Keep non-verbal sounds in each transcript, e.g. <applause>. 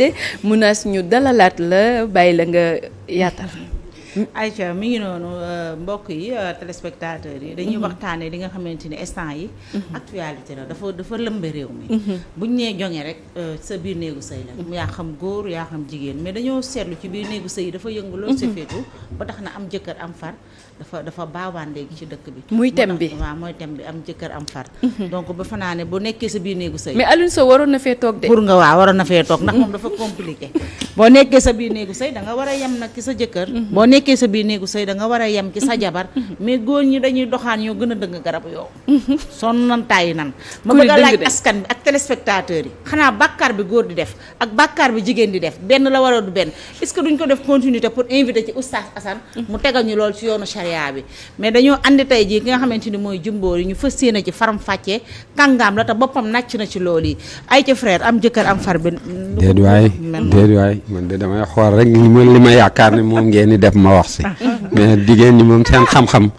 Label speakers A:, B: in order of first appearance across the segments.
A: de munas ñu dalalaat la bàyyi la nga yaatal
B: Aïcha mi ngi noonu euh, mbokk yi euh, téléspectateurs yi dañuy mhm. waxtaanee li nga xamante ni instant yi mhm. actualité la dafa dafa lëmbe réew mi mhm. buñ nee joŋe rek euh, sa biir néegu sëy la yaa xam góor yaa xam jigéen mais dañoo seetlu ci biir néegu sëy yi dafa yëngu loolu sa féetu ba tax na am jëkkër am far dafa dafa baawaan léegi ci dëkk bi. muy thème bi waaw mooy thème bi am jëkkër am far. Mhm. donc ba fa naa ne bu nekkee sa biir néegu sëy. mais Alioune waroon na fee toog de. pour nga waaw waroon na fee toog ndax moom mhm. dafa compliqué. boo nekkee sa biir néegu sëy da nga war a yem nag ci sa jëkkër. Mhm. boo nekkee sa biir néegu sëy da war a yem ci sa jabar. mais góor ñi dañuy doxaan yoo gën a dëng garab yow. sonn nan tàyyi nan. ma bëgg a laaj askan bi ak téléspectateurs yi. bi di def ak bàkkaar bi di def benn la war a du benn est-ce commissariat bi mais dañoo andi tey jii ki nga xamante ni mooy jumboor yi ñu fas yéene ci faram fàccee kàngaam la te boppam nàcc na ci loolu yi ay ca frère am jëkkër am far bi déet waay déet
C: waay man de damay xool rek li ma li ma yaakaar ne moom ngeen di def ma wax si <laughs> mais jigéen ñi moom seen xam-xam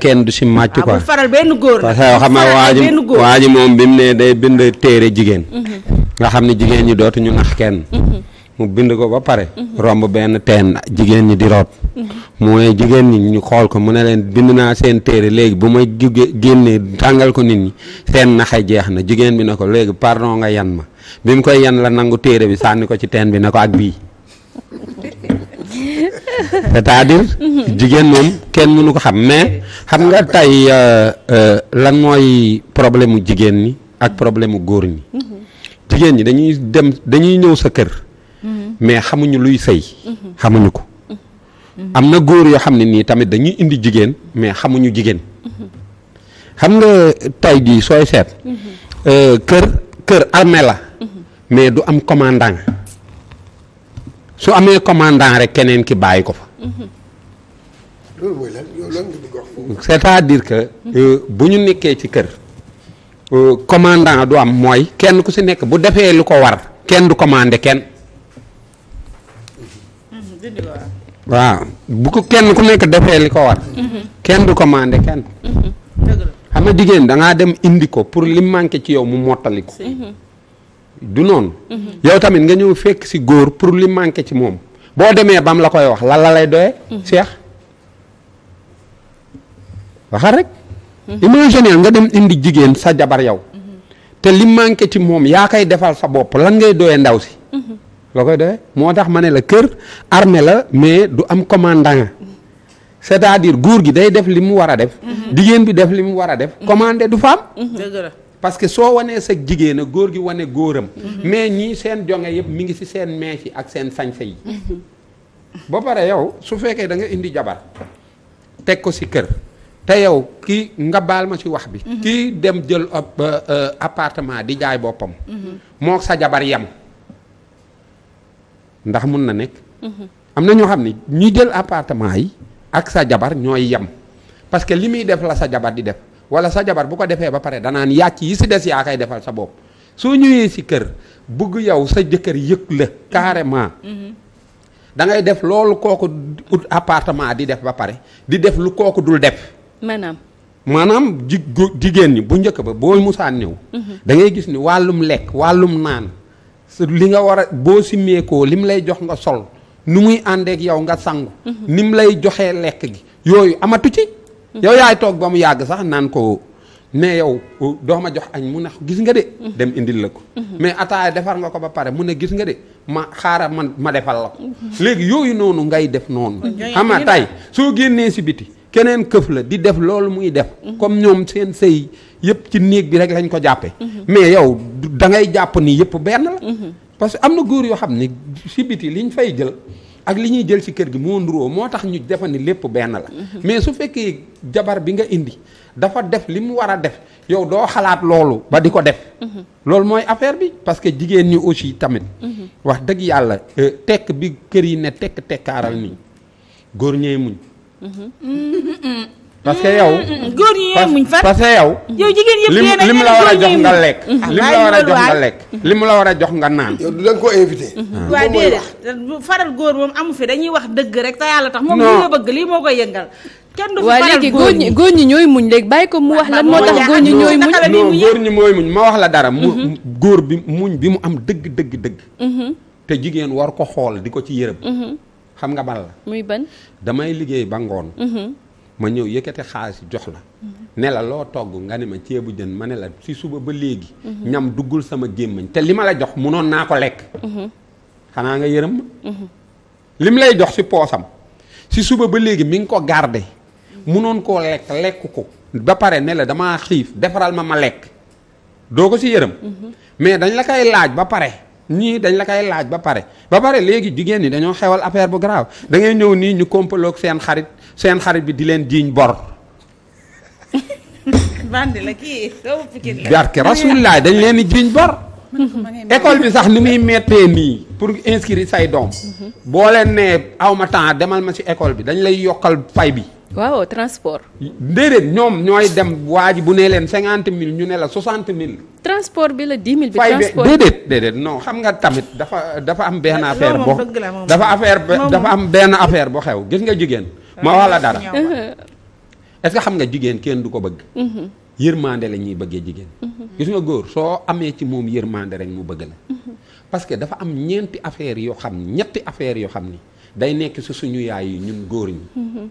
C: kenn du si màcc ko ah, faral
B: benn góor parce que xam nga waa ji waa ji moom
C: bi mu ne day bind téere jigéen mhm. nga xam ne jigéen ñi dootuñu nax kenn mhm. mu bind ko ba pare romb benn teen jigéen ñi di root mooy jigéen ñi ñu xool ko mu ne leen bind naa seen téere léegi bu may jugee génnee tàngal ko nit ñi seen naxe jeex na jigéen bi ne ko léegi pardon nga yan ma bi mu koy yan la nangu téere bi sànni ko ci teen bi na ko ak bii c'est-à-dire jigéen moom kenn mënu ko xam mais xam nga tey euh, euh, lan mooy problème mu jigéen ñi ak problème mu góor ñi mm-hmm. jigéen ñi dañuy dem dañuy ñëw sa kër mais xamuñu luy sëy xamuñu ko am na góor yoo xam ne nii tamit dañuy indi jigéen mais xamuñu jigéen xam nga tay jii sooy seet euh, kër kër armee la mais du am commandant su amee commandant rek keneen ki bàyyi ko fa
D: loolu mooy lan yow
C: lan euh, bu ñu nekkee ci kër euh, commandant du am mooy kenn ku si nekk bu defee lu ko war kenn du commandé kenn waaw bu ko kenn ku nekk defee li ko war. Mhm. kenn du commandé kenn. Mhm. xam nga jigéen da ngaa dem indi ko pour li manqué ci yow mu mottali ko. Mhm. du noonu. yow tamit nga ñëw fekk si góor pour li manqué ci moom boo demee bam la koy wax lan la lay doyee. Cheikh waxal rek. imaginer nga dem indi jigéen sa jabar yow. te li manqué ci moom yaa koy defal sa bopp lan ngay doyee ndaw si. loo koy doyee moo tax ma ne la kër armée la mais du am commandant c'est-à-dire góor gi day def li mu war a def mhm. jigéen bi def li mu war a def mhm. commandé du fa mhm. parce que soo wanee sa jigéen a góor gi wane góoram mais ñii seen jonge yëpp mu ngi si seen mees yi ak seen sañse yi ba pare yow su fekkee da nga indi jabar teg ko ci kër te yow kii nga baal ma ci wax bi kii dem jël euh, euh, appartement di jaay boppam moo sa jabar yem ndax mun na nekk. am na ñoo xam ne ñi jël appartement yi ak sa jabar ñooy yem parce que li muy def la sa jabar di def wala sa jabar bu ko defee ba pare danaan yàcc yi si des yaa koy defal sa bopp soo ñëwee si kër bugg yow sa jëkkër yëg la carrément. da ngay def loolu kooku ut appartement di def ba pare di def lu kooku dul def. maanaam. maanaam ji jigéen ñi bu njëkk ba boo musaan ñëw. Mhm. dangay gis ni wàllum lekk wàllum naan. li nga war a boo li mu lay jox nga sol nu muy àndeek yow nga sangu mhm. ni mu lay joxee lekk gi yooyu amatu ci mhm. yow yaay toog ba mu yàgg sax naan ko mais yow doo ma jox añ mu ne gis nga de mhm. dem indil la ko mais ataaya defar nga ko ba pare mu ne gis nga de ma xaaral man ma defal la ko léegi yooyu noonu ngay def noonu xama tay soo génnee si biti keneen këf la di def loolu muy def comme ñoom seen sëy yëpp ci néeg bi rek lañ ko jàppee. Mhm. mais yow da ngay jàpp ni yëpp benn la. Mhm. parce que am na góor yoo xam ni si biti ñu fay jël ak li ñuy jël ci kër gi moo nduróo moo tax ñu defa ni lépp benn la. Mhm. mais su fekkee jabar bi nga indi dafa def li mu war a def yow doo xalaat loolu ba di ko def. loolu mooy affaire bi parce que jigéen ñi aussi tamit. wax dëgg yàlla euh, tekk bi kër yi ne tekk tekkaaral nii góor ñee muñ. <laughs>
E: Mm-hmm.
C: parce que yow. Mm, mm,
E: góor ñi yemuñ que yow. yow jigéen yëpp
C: a a jox lekk. lim la a jox nga mm-hmm. lekk. lim la war a jox nga naan. yow du mm-hmm. mm-hmm.
B: leen góor moom amu fi dañuy wax dëgg rek te yàlla tax. moom li moo koy
A: yëngal. kenn du fi faral ñi góor ñi ñooy muñ léegi bàyyi ko mu wax lan moo tax góor ñi ñooy muñ. non góor ñi
C: mooy muñ ma wax la dara. mu góor bi muñ bi mu am dëgg dëgg dëgg. te jigéen war ko xool di ko ci yërëm. xam nga ban la. muy ban. damay liggéey ba ngoon ma ñëw yëkkate xaalis jox la ne la loo togg nga ne ma ceebu jën ma ne la si suba ba léegi ñam duggul sama gémmañ te li ma la jox munoon naa ko lekk xanaa nga yërëm ma lim lay jox si poosam si suba ba léegi mi ngi ko garde munoon koo lekk lekk ko ba pare ne la damaa xiif defaral ma ma lekk doo ko si yërëm mhm. mais dañ la koy laaj ba pare nii dañ la koy laaj ba pare ba pare léegi jigéen ñi dañoo xewal affaire bu grave dangay ñëw nii ñu kompaloog seen xarit seen xarit bi di leen jiiñ bor.
B: bandi la kii barke dañ
C: leen di jiiñ bor. école bi sax ni muy mettee nii pour inscrire say doom. Mhm. boo leen nee aw ma temps demal ma ci école bi dañ lay yokkal fay bi. waaw transport. déedéet ñoom ñooy dem waa ji bu nee leen cinquante mille ñu ne la soixante mille.
A: transport bi la dix mille bi. transport bi
C: déedéet déedéet non xam nga tamit dafa dafa am benn affaire boo dafa affaire dafa am benn affaire boo xew gis nga jigéen. ma wax la dara. est-ce que xam nga jigéen kenn du ko bëgg. Mm-hmm. yërmande la ñuy bëggee jigéen. Mm-hmm. gis nga góor soo amee ci moom yërmande rek mu bëgg la. Mm-hmm. parce que dafa am ñeenti affaire yoo xam ñetti affaire yoo xam ni day nekk si suñu yaay yi ñun góor
E: ñi.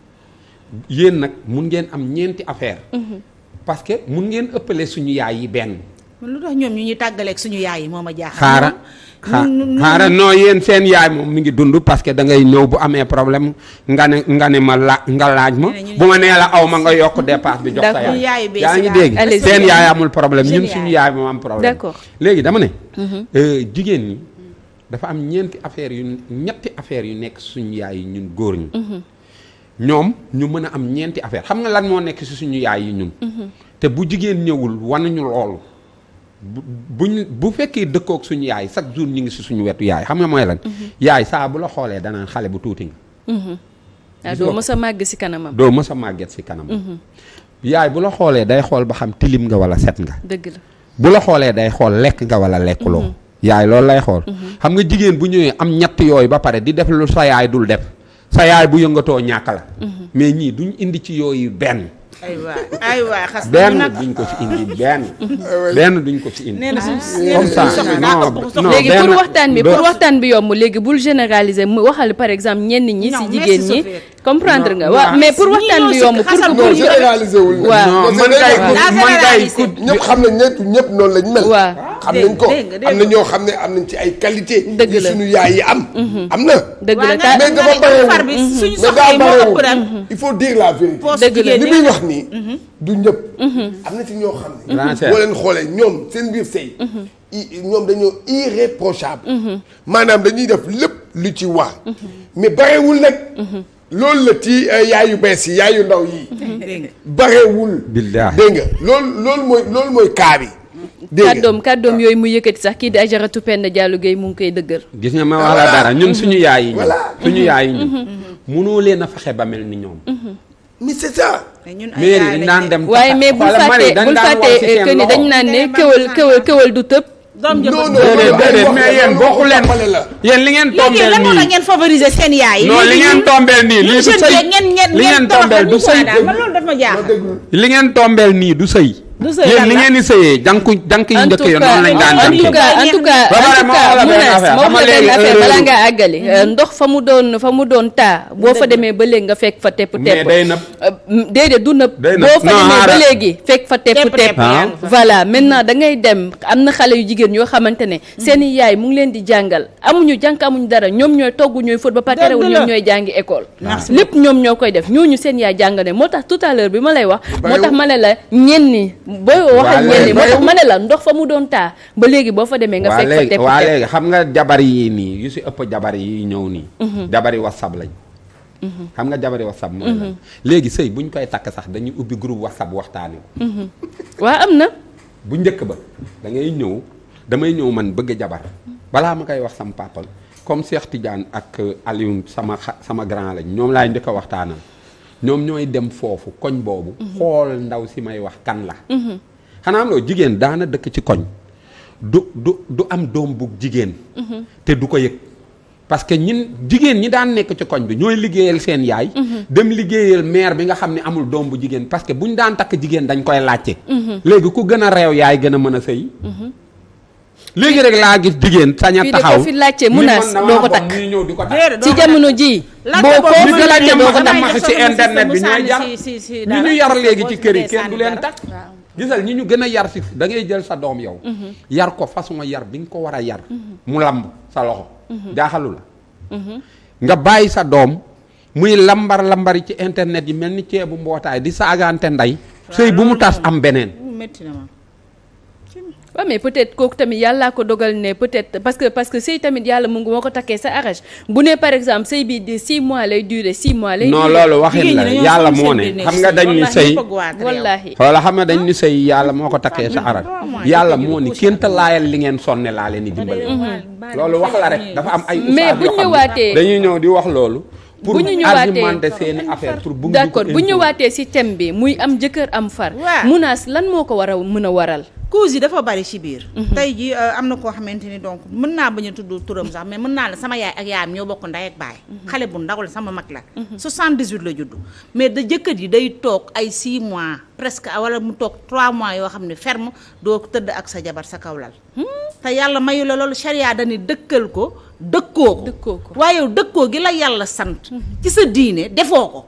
C: yéen nag mun ngeen am ñeenti affaire mhm. parce que mun ngeen ëppale suñu yaay yi benn.
B: lu tax ñoom ñu ñuy tàggaleeg suñu yaay yi moom a jaaxal.
C: xaara non seen yaay moom mi ngi dund parce que da ngay ñëw bu amee problème nga ne nga ne ma la nga laaj ma bu ma nee la aw ma nga yokk dépense bi jox sa yaay ngi dégg seen yaay amul problème ñun suñu yaay moom am problème léegi dama ne mhm. euh, jigéen ñi dafa am ñeenti affaire yu ñetti affaire yu nekk suñu yaay yi ñun góor ñi mhm. ñoom ñu mën a am ñeenti affaire xam nga lan moo nekk si suñu yaay yi ñun. Mhm. te bu jigéen ñëwul wanuñu loolu. bu buñ bu fekkee dëkkook suñu yaay chaque jour ñu ngi si suñu wetu yaay xam nga mooy lan. Mhm. yaay saa bu la xoolee danaan xale bu tuuti nga.
A: Mhm. Ah, doo mës a màgg si kanamam. doo
C: mës màgget si kanamam. yaay bu la xoolee day xool ba xam tilim nga wala set nga. dëgg la bu la xoolee day xool lekk nga wala lekkuloo. yaay loolu lay xool. xam nga jigéen bu ñëwee am ñett yooyu ba pare di def lu yaay dul def. sa yaay bu yëngatoo ñàkk la. Mhm. mais ñii duñ indi ci yooyu benn.
B: aywa aywa xas benn duñ ko
C: ci indi <laughs> benn. benn duñ ko ci indi. nee na ah. comme ça léegi pour waxtaan bi pour waxtaan
D: bi
A: yomb léegi bul généraliser mu waxal par exemple ñenn ñi si jigéen ñi. comprendre nga waaw mais pour waxtaan bi yomb pour que boobu généralisé wul. waaw man kay man kay
D: ñëpp xam nañ ñëpp ñëpp noonu lañ na ñoo xam ne am nañ yi mhm. am. na. dëgg la mais dafa barewul mhm. mais daa barewul il faut dire la vérité. dëgg la li muy wax mhm. ñoo xam ne. boo leen xoolee ñoom seen biir sëy. ñoom dañoo irréprochable. maanaam dañuy def lépp lu ci waa mais barewul nag. loolu la ci eh, yaayu bees yi yaayu ndaw yi. barewul.
C: billaah dégg
D: nga loolu loolu mooy loolu mooy
C: kaa kàddoom
A: kàddoom yooyu mu yëkkati sax kii di ajaratu Penda Diallo Gueye mu ngi koy dëggal.
C: gis nga ma wax la dara ñun suñu yaay yi. voilà suñu yaay yi ñun. mënoo mhm. leen a fexe ba mel ni ñoom. Mhm. mais c'est ça. ñun ay dem waaye mais bul fàtte bul fàtte que ni dañ
D: naan ne
A: kéwal kéwal du tëb.
D: doom jëmm non non mais yéen bokku leen.
C: yéen li ngeen tombé nii léegi lan moo tax
A: ngeen favoriser li ngeen
C: tombé nii. li ngeen tombé du sëy li ngeen tombé nii du sëy. du sëy li ngeen di sëyee jànku jànku yu njëkk yi noonu lañ daan jànku. en tout cas en moom la benn affaire balaa ngaa
A: àggali euh, ndox fa mu doon fa mu doon taa boo fa demee ba léegi nga fekk fa tepp tepp euh, déedéet du nëb boo fa demee ba léegi fekk fa tepp tepp ah. voilà maintenant da ngay dem am na xale yu jigéen yoo xamante ne mm. seeni yaay mu ngi leen di jàngal amuñu jànk amuñu dara ñoom ñooy togg ñooy fóot ba pare terewul ñoom ñooy jàngi école lépp ñoom ñoo koy def ñooñu seen yaay jàngale moo tax tout bi ma lay wax moo tax ma ne la ñenn ñi boo wax ak ñenn ñi ma ne la ndox fa mu doon taa ba léegi boo fa demee nga fekk
C: léegi xam nga jabar yi nii yu si ëpp jabar yi ñëw nii mhm. jabari whatsapp lañ mhm. xam nga jabari whatsapp mooy la mhm. léegi sëy buñ koy takk sax dañuy ubbi groupe whatsapp waxtaane ko waa am na bu njëkk ba dangay ñëw damay ñëw man bëgg jabar balaa ma koy wax sam papal comme Cheikh Tidiane ak euh, Alioune sama sama grand lañ ñoom laay njëkk a waxtaanal ñoom ñooy dem foofu koñ boobu xool ndaw si may wax kan la xanaa am loo jigéen daana dëkk ci koñ du du du am doom bu jigéen. te du ko yëg. parce que ñin jigéen ñi daan nekk ci koñ bi ñooy liggéeyal seen yaay. dem liggéeyal maire bi nga xam ne amul doom bu jigéen parce bu buñ daan takk jigéen dañ koy laajte. léegi ku gën a réew yaay gën a mën a sëy. léegi rek laa gis jigéen saña taxaw fi laajte ko di ko takk ci jamono ji boo ko fi laajte doo ko takk ci internet bi ñooy jar
E: ñu ñu yar léegi ci kër yi kenn du leen takk
C: gisal ñi ñu gën a yar si da ngay jël sa doom yow. Mhm. yar ko façon yar bi nga ko war a yar. Mhm. mu lamb sa loxo. gaaxalu mhm. la. nga bàyyi sa doom muy lambar lambari ci internet yi mel ni ceebu mbootaay di saagaante ndey. sëy bu mu tas am beneen.
A: metti waaw ah, mais peut-être kooku tamit yàllaa ko dogal ne peut-être parce que parce que sëy tamit yàlla mu moo ko takkee sa arrage bu ne par exemple sëy bi de 6 mois lay durer 6 mois. lay durer non loolu waxin la yàlla moo ne xam nga dañ ni sëy
C: wallaahi xoola xam nga dañ ni ah. yàlla moo ko takkee sa arrage ah, yàlla moo ni kénta laayal li ngeen sonne laa leen di dimbale loolu wax la rek dafa am ay mais bu ñëwaatee dañuy ñëw di wax loolu pour bu ñu ñëwaatee seeni affaire pour bu d'accord bu
A: ñëwaatee si thème bi muy am jëkkër am far munaas lan moo ko war a mën a waral causes yi dafa bari si biir. Mhm. tey jii euh, am na
B: koo xamante ni donc mën naa bañ a tudd turam sax mais mën naa la sama yaay ak yaayam ñoo bokk ndey ak baay. Mhm. xale bu ndaw la sama mag la. 78 mhm. la judd mais da jëkkër yi day toog ay 6 mois presque wala mu toog 3 mois yoo xam ne ferme doo tëdd ak sa jabar sa kaw lal. Hmm? te yàlla mayu la loolu charia dañuy dëkkal ko dëkkoo ko. dëkkoo ko waaye yow dëkkoo gi la yàlla sant. ci sa diine defoo ko.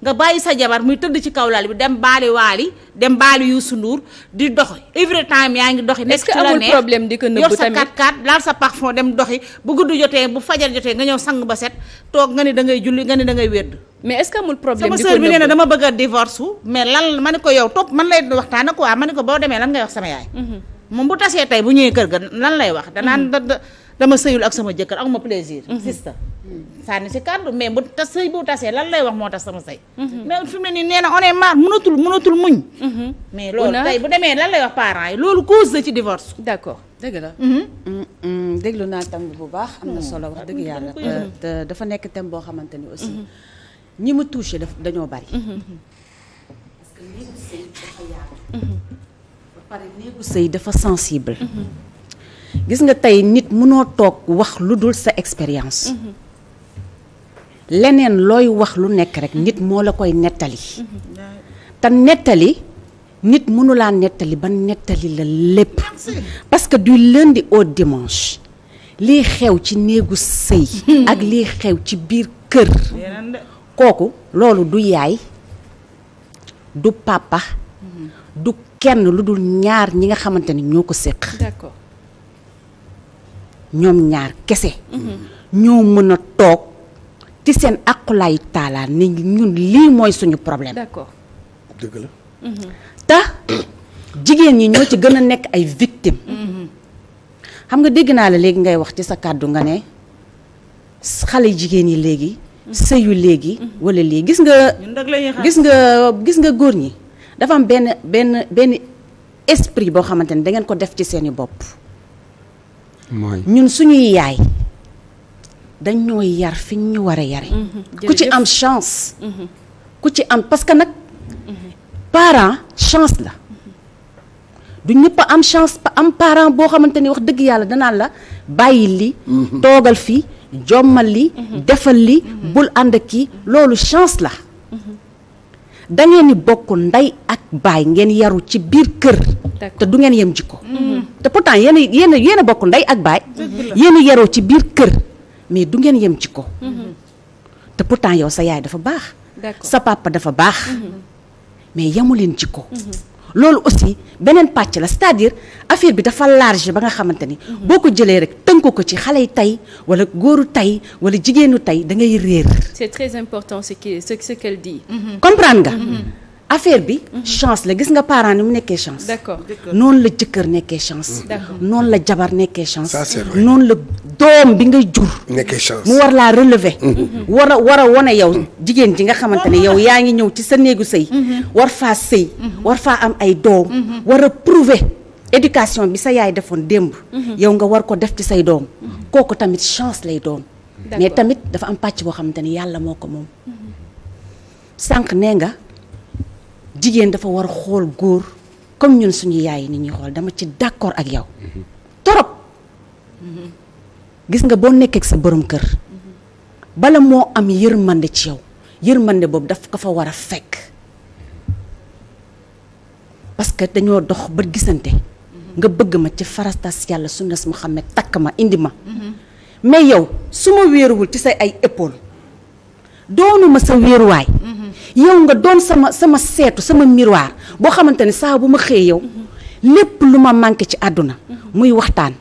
B: nga bàyyi sa jabar muy tëdd ci kaw lal bi dem baali waali dem baali Youssou Ndour di dox every time yaa ngi doxi nekk ci la neex yor sa kat kat laal sa parfum dem doxi bu gudd jotee bu fajar jotee nga ñëw sang ba set toog nga ni da ngay julli nga ni da ngay wedd mais est-ce que amul sama a divorce ko yow topp man lay waxtaan quoi ma ko boo demee lan ngay wax sama yaay mhm. moom bu tasee tey bu ñëwee kër ga lan lay wax mhm. danaan sëyul ak sama jëkkër ak ma plaisir mhm. sister sànni si kàddu mais bu tas sëy bu tasee lan lay wax moo tas sama sëy mhm. mais fi mu ne nii nee na on est muñ mhm. mais loolu tey bu demee lan lay wax parents yi
F: loolu cause la ci divorce d'accord dëgg la mhm. mm, mm, déglu naa tam bu baax am na solo wax dëgg mm. yàlla euh, te dafa nekk thème boo xamante ni aussi ñi ma touché daf dañoo bari parce que dafa sensible gis nga tey nit mënoo toog wax lu dul sa expérience leneen looy wax lu nekk rek nit moo la koy nettali te nettali nit mënulaa nettali ba nettali la lépp parce que du lundi au dimanche lii xew ci néegu sëy <laughs> ak lii xew ci biir kër kooku loolu du yaay du papa mhm. du kenn lu dul ñaar ñi nga xamante ni ñoo ko séq d'accord ñoom ñaar kese mhm. ñoo mën a toog ci seen aqulaayu taalaa ni ñun lii mooy suñu problème. d'accord dëgg la. Mm-hmm. te <coughs> jigéen ñi ñoo ci gën a nekk ay victimes. Mm-hmm. xam nga dégg naa la léegi ngay wax ci sa kàddu nga ne xale jigéen yi léegi. Mm-hmm. sëyu léegi. wala lii gis nga. gis nga gis nga góor ñi. dafa am benn benn benn esprit boo xamante ni dangeen ko def ci seeni bopp. ñun suñuy yaay. dañ ñoo yar fi ñu war a yare mm-hmm. ku ci am chance mm-hmm. ku ci am parce que nag
E: mm-hmm.
F: parent chance la du ñëpp am chance am parent boo xamante ni wax dëgg yàlla danaan la bàyyi li toogal fi jommal li defal li bul ànd ak kii loolu chance la dangeen ngeen ni bokk ndey ak baay ngeen yaru ci biir kër te du ngeen yem jikko te pourtant yéen a yéen bokk ndey ak baay yenn a yaroo ci biir kër mais du ngeen yem ci ko mhm. te pourtant sa yaay dafa baax sa papa dafa baax mhm. mais yemu leen ci ko mhm. loolu aussi beneen pàcc la cest à affaire bi dafa large ba nga xamante ni boo ko jëlee rek tënk ko ci xale yi tey wala góoru tey wala jigéenu tey da ngay réer
A: c'est très important ce qui nga
F: affaire bi chance la gis nga parent ni mu nekkee chance d'accord noonu la jëkkër nekkee chance noonu la jabar nekkee chance noonu la doom bi ngay jur
D: nekkee mu war
F: laa relever mm-hmm. Mm-hmm. war a war a wane yow jigéen ji nga xamante ne yow yaa ngi ñëw ci sa néegu sëy mm-hmm. war faa sëy war faa am ay doom war a prouver éducation bi sa yaay defoon démb yow nga war ko def ci say doom kooku tamit chance lay doon mais tamit dafa am pàcc boo xamante ne yàlla moo ko moom sànq nee nga jigéen dafa war a xool góor comme ñun suñu yaay yi ni ñuy xool dama ci d'accord ak yow torop gis nga boo nekkee sa boroom kër bala moo am yërmande ci yow yërmande boobu daf ko fa war a fekk parce que dañoo dox ba gisante nga bëgg ma ci farastas yàlla xam ne takk ma indi ma mm-hmm. mais yow su ma wéeruwul ci say ay épaule doonuma sa wéeruwaay mm-hmm. yow nga doon sama sama seetu sama miroir boo xamante ne saa bu ma xëyee yow mm-hmm. lépp lu ma manqué ci àdduna mm-hmm. muy waxtaan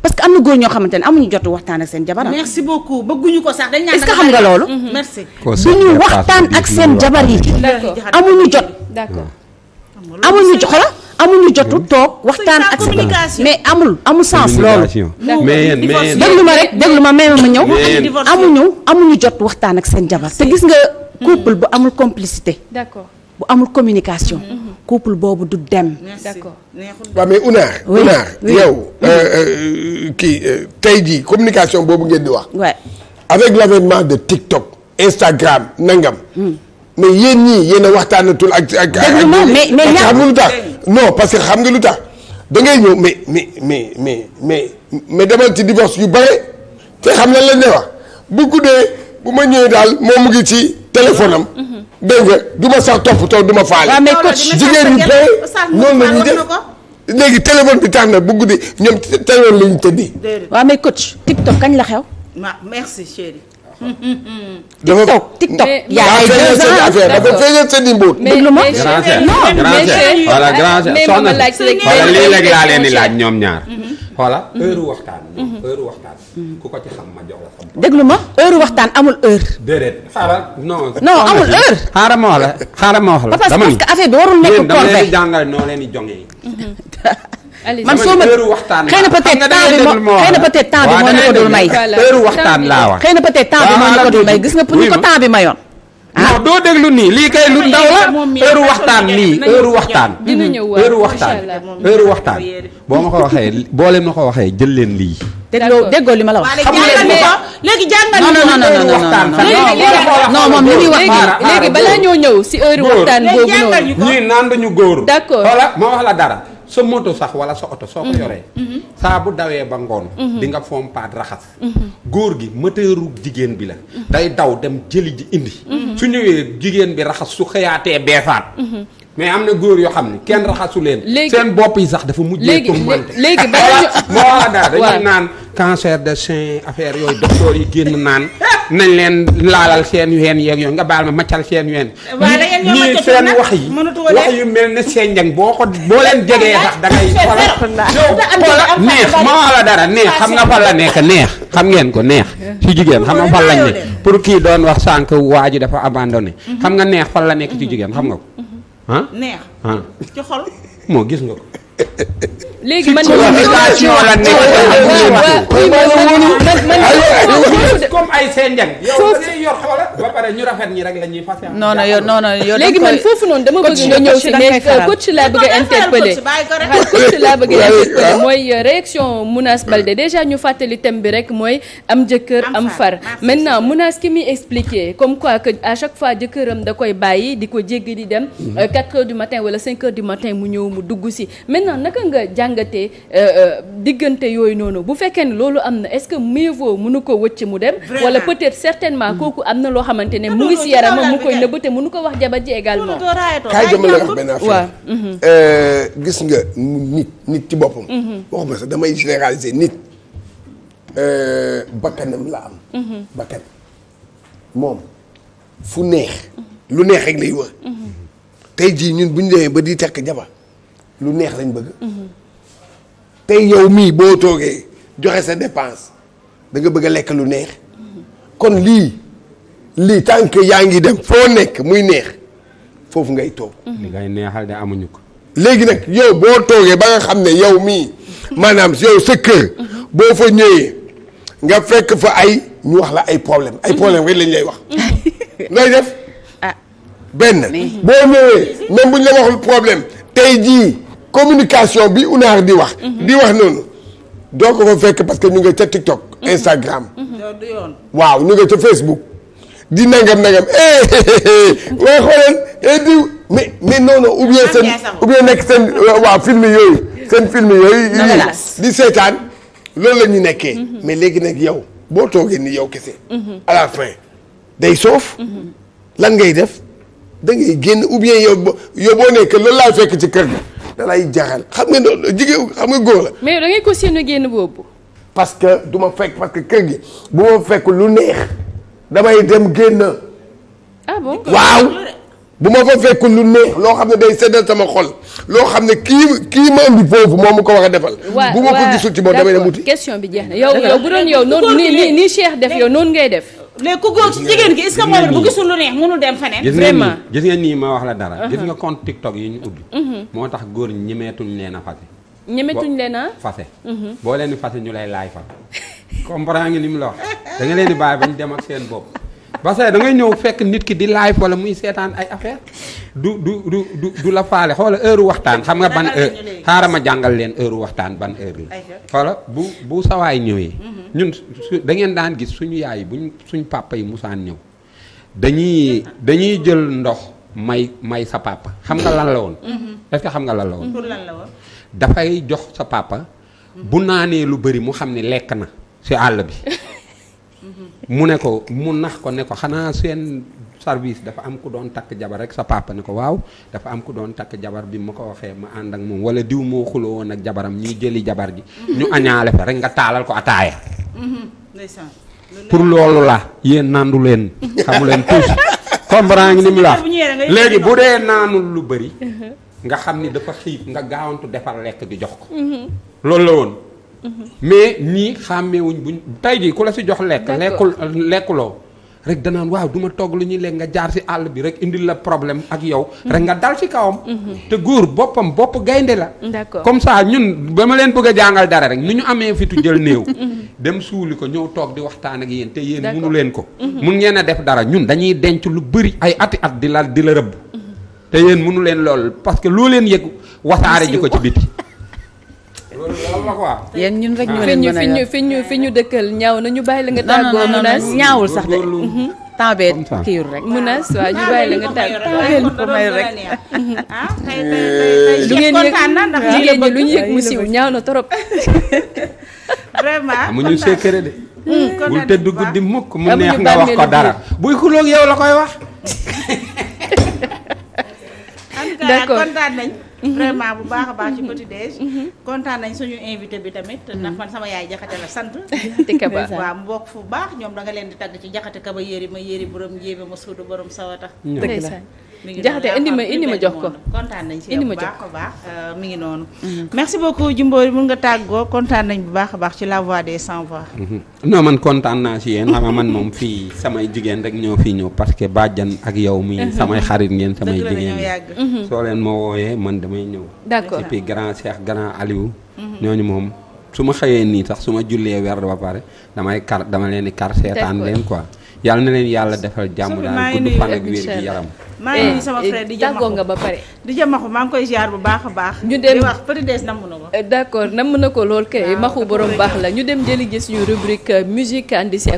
F: parce que am na góor ñoo xamante ne amuñu jot waxtaan ak seen jabar. merci
B: beaucoup bëgguñu ko sax dañ xam nga loolu. merci duñu ak seen jabar yi.
F: amuñu jot. d'accord amuñu jot amuñu jotu toog waxtaan ak mais amul amul sens loolu. mais déglu ma rek déglu ma même ma ñëw. amuñu amuñu jot waxtaan ak seen jabar. te gis nga hmm. couple bu amul complicité. d'accord bu amul communication. Hmm. Hmm. couple boobu du dem.
E: d'accord
D: waaw mais Unaar. Unaar yow euh, euh, kii euh, tey jii communication boobu ngeen di wax. waaw avec l'avènement de TikTok Instagram nangam. mais yéen ñii yéen a waxtaanatul ak ak ak. déglu ma mais mais ñaar non parce que xam nga lu tax da ngay ñëw mais mais mais mais mais mais demal ci divorce yu bare te xam na lañ ne wax bu guddee bu ma ñëwee daal moom mu ngi ci téléphone am. Mhm. dégg nga ma sax toppatoo du ma faale. waaw mais coach jigéen ñi tey noonu la ñuy
F: def
D: léegi téléphone bi tax na bu guddee ñoom téléphone la ñu tëddee. waaw mais coach TikTok kañ la xew.
F: waaw
D: dafa TikTok yaa ngi deux ans dafa feeñal
C: seen i déglu ma grand soxna voilà lii rek laa laaj ñoom ñaar. Mhm. voilà mhm. heure waxtaan. Mhm. heure waxtaan. ma jox la xam. la xaaral ma wax la. dama jongee. <laughs>
F: man soo ma
B: xëy
C: na peut-être temps bi moo xëy na peut-être temps bi moo ñu ko dul may. heure
F: waxtaan laa wax. xëy na peut-être temps bi moo ñu ko dul may gis nga pour ñu ko temps bi mayoon. non ah. doo déglu nii lii kay lu ndaw la heure waxtaan nii heure waxtaan. dina ñëw waaw
C: waxtaan heure boo ma ko waxee boo leen ma ko waxee jël leen lii. dégloo déggoo li ma la wax. xam nga
B: léegi jàngal non non non non non moom wax léegi
C: si heure waxtaan boobu noonu. ñii góor. d'accord ma la dara. sa moto sax wala sa oto soo ko mhm. yoree mhm. saa bu dawee ba ngoon mhm. di nga fompaat raxas góor gi mëtëru jigéen bi la day daw dem jëli ji indi su ñëwee jigéen bi raxas su xëyaatee beesaat mais am na góor yoo xam ne kenn raxasu leen seen bopp yi sax dafa mujjee tombante
A: léegi ba <laughs> moo daal dañuy naan
C: cancer de sein affaire yooyu docteur yi génn naan nañ leen laalal seen ween yeeg yooyu nga baal ma maccal seen ween. waaye da ngeen ñoo seen wax yi wax yu mel ne seen njang boo ko boo leen jegee sax da neex ma wala dara neex xam nga fa la nekk neex xam ngeen ko neex. ci jigéen xam nga fan lañ ne pour kii doon wax sànq waa ji dafa abandonné. xam nga neex fan la nekk ci jigéen xam nga ko.
A: ah
C: moo gis nga ko. léegi man man man comme ay seen njàng yow da ngay yor xoolal ba rafet ñi rek la ñuy fas. non non yow non non yow léegi man foofu
A: noonu dama bëgg nga ñëw si mais coach laa bëgg interpellé <laughs> mooy euh, réaction Mounas ah. Balde déjà ñu fàttali thème bi rek mooy am jëkkër am far ah, maintenant Mounas ki mu expliquer comme quoi que à chaque fois jëkkëram da koy bàyyi di ko jéggi di dem 4 mhm. euh, heures du matin wala cinq heures du matin mu ñëw mu dugg si maintenant naka nga jàngatee euh, diggante yooyu noonu bu fekkee ne loolu am na est-ce que mieux vaut mënu ko wëcc mu dem wala peut-être certainement mhm. kooku am loo xamante ne mu ngi si yaram mu koy nëbb te mënu ko wax jabar ji également. kaay jëmmal la
D: wax nga nit nit boppam. Mhm. waxuma damay généraliser nit. Euh, bakkanam la am. Mhm. bakkan moom fu neex. lu neex rek lay wër. Mhm. tey jii ñun bu ñu demee ba di tekk jabar lu neex lañ bëgg. tey yow mii boo toogee joxe sa dépense da nga bëgg a lekk lu neex kon lii. li tànk yaa ngi dem foo nekk muy neex foofu ngay toog. li ngay neexal de amuñu ko. léegi nag yow boo toogee ba nga xam ne yow mii maanaam yow sa kër boo fa ñëwee nga fekk fa ay ñu wax la ay problème ay problème rek lañ lay wax. ngay <laughs> def ah. benn boo même buñ la problème tey jii communication bi unaar di wax. Mhm. di wax noonu doo ko fa fekk parce que ñu nga ca TikTok. Mhm. Instagram. waaw ñu nga ca Facebook. di nangam nangam eh, eh, eh, waaye xoolal diw mais mais non non ou bien seen ou bien nekk seen waaw film yooyu seen film yooyu di seetaan loolu la ñu nekkee mm-hmm. mais léegi nag yow boo toogee ni yow kese mm-hmm. à la fin day soof mm-hmm. lan ngay def da ngay génn ou bien yow yow boo nekk lan laa fekk ci kër gi da lay xam nga no jigéen xam nga góor la
A: mais da ngay ko séenu génn boobu
D: parce que du ma fekk parce que kër gi bu ma fekk lu neex damay dem génn.
A: ah bon waaw.
D: bu ma fa fekkul lu ne loo xam ne day seddal sama xol loo xam ne kii kii ma indi foofu moom mu ko wax a defal. bu ma ko gisul ci moom damay dem wuti.
A: question bi jeex na yow yow bu doon yow noonu ni
B: def yow noonu ngay def. léegi ku góor jigéen gi est-ce que moom bu gisul lu neex mënu dem feneen.
C: gis nga nii ma wax la dara. Uh-huh. gis nga compte TikTok yi ñu ubbi. Uh-huh. moo tax góor ñemeetuñ leen a fase.
A: ñemetuñ leen a fase. Uh-huh.
C: boo leen di fase ñu lay laay fa. comprend nga li mu la wax da nga leen di bàyyi bañ dem ak seen bopp parce que da ngay ñëw fekk nit ki di live wala muy seetaan ay affaire du du du du du la faale xoola heure waxtaan xam nga ban heure xaaral ma jàngal leen heure waxtaan ban heure la xoola bu bu sawaay ñëwee ñun su da daan gis suñu yaay bu buñ suñu papa yi musaan ñëw dañuy dañuy jël ndox may may sa papa xam nga lan la woon mhm. est xam nga lan la
B: woon
C: dafay jox sa papa mhm. bu naanee lu bëri mu xam ne lekk na si àll bi mu ne ko mu nax ko ne ko xanaa seen sarvice dafa am ku doon takk jabar rek sa papa ne ko waaw dafa am ku doon takk jabar bi ma ko waxee ma ànd ak moom wala diw moo xuloo woon ak jabaram ñu jëli jabar ji ñu añaale fa rek nga taalal ko ataaya pour loolu la yéen nandu leen xamu leen tous <laughs> comprend ngi ni mu la léegi bu dee naanul lu bari <laughs> nga xam ni dafa xiif nga gaawantu defar lekk gi jox ko mhm. loolu la woon mais nii xàmmeewuñ buñ tey ji ku la si jox lekk. lekkul lekkuloo rek danaan waaw du ma togg lu ñuy lekk nga jaar si àll bi rek indil la problème ak yow. rek nga dal si kawam. Mhm. te góor boppam bopp gaynde la. d'accord comme ça ñun ba ma leen bëgg a jàngal dara rek ni ñu amee fitu jël néew. <laughs> Mhm. dem suuli ko ñëw toog di waxtaan ak yéen te yéen munu leen ko. Mhm. mun ngeen a def dara ñun dañuy denc lu bëri ay ati at di la di la rëbb. te yéen munu leen lool parce que loo leen yëg wasaare ji ko ci biti.
A: soxla quoi. ñun rek ah. ñu leen mën a yor fi ñu fi ñu dëkkal ñaaw na ñu bàyyi la nga tàggoo Mounas ñaawul sax
B: de. Mhm. temps bee kiiwul rek. Mounas mhm. ah, euh, waaw ñu bàyyi la nga tàggoo ko lu ngeen yëg mu siiw
A: ñaaw na trop. <laughs> vraiment amuñu ah, secret
C: de. Mm, mm. bul tëdd guddi mukk mu neex nga wax ko dara buy xuloog yow la koy wax.
B: <laughs> Mhm. vraiment bu baax a baax ci mhm. petit déj mhm. kontaan nañ suñu invité bi tamit ndax man sama yaay jaxate la sant <laughs> <laughs> waaw mu bokk fu baax ñoom da nga leen di tagg ci jaxate kaba yéri ma yéri borom njéeme ma suudu borom sawata jaxate indi ma indi ma jox ko kontaan ma jox ko mi ngi noonu mm-hmm. merci beaucoup Jimbori mun nga tàggoo kontaan nañ bu baax a baax ci la voix des sans voix
C: mm-hmm. man kontaan naa ci yéen xam man moom fii samay jigéen rek ñoo fii ñëw parce que bàjjan ak yow mi mm-hmm. samay xarit ngeen samay jigéen
E: yàgg soo
C: leen ma wooyee man damay ñëw d'accord et puis grand Cheikh grand ñooñu moom su ma xëyee nii tax su ma jullee weer ba pare damay kar dama leen di kar seetaan leen quoi yàlla na leen yàlla defal jàmm daal gudd fan ak wér gi yaram maa eh, ngi nuyu
B: sama eh, frère di nga ba pare. di ja maxu maa ngi koy ziar bu baax a baax. ñu dem di wax
A: Petit Déj eh, namm na ko. d' accord namm ko lool kay ah, maxu borom baax la ñu dem jëli ji suñu rubrique euh, musique andi si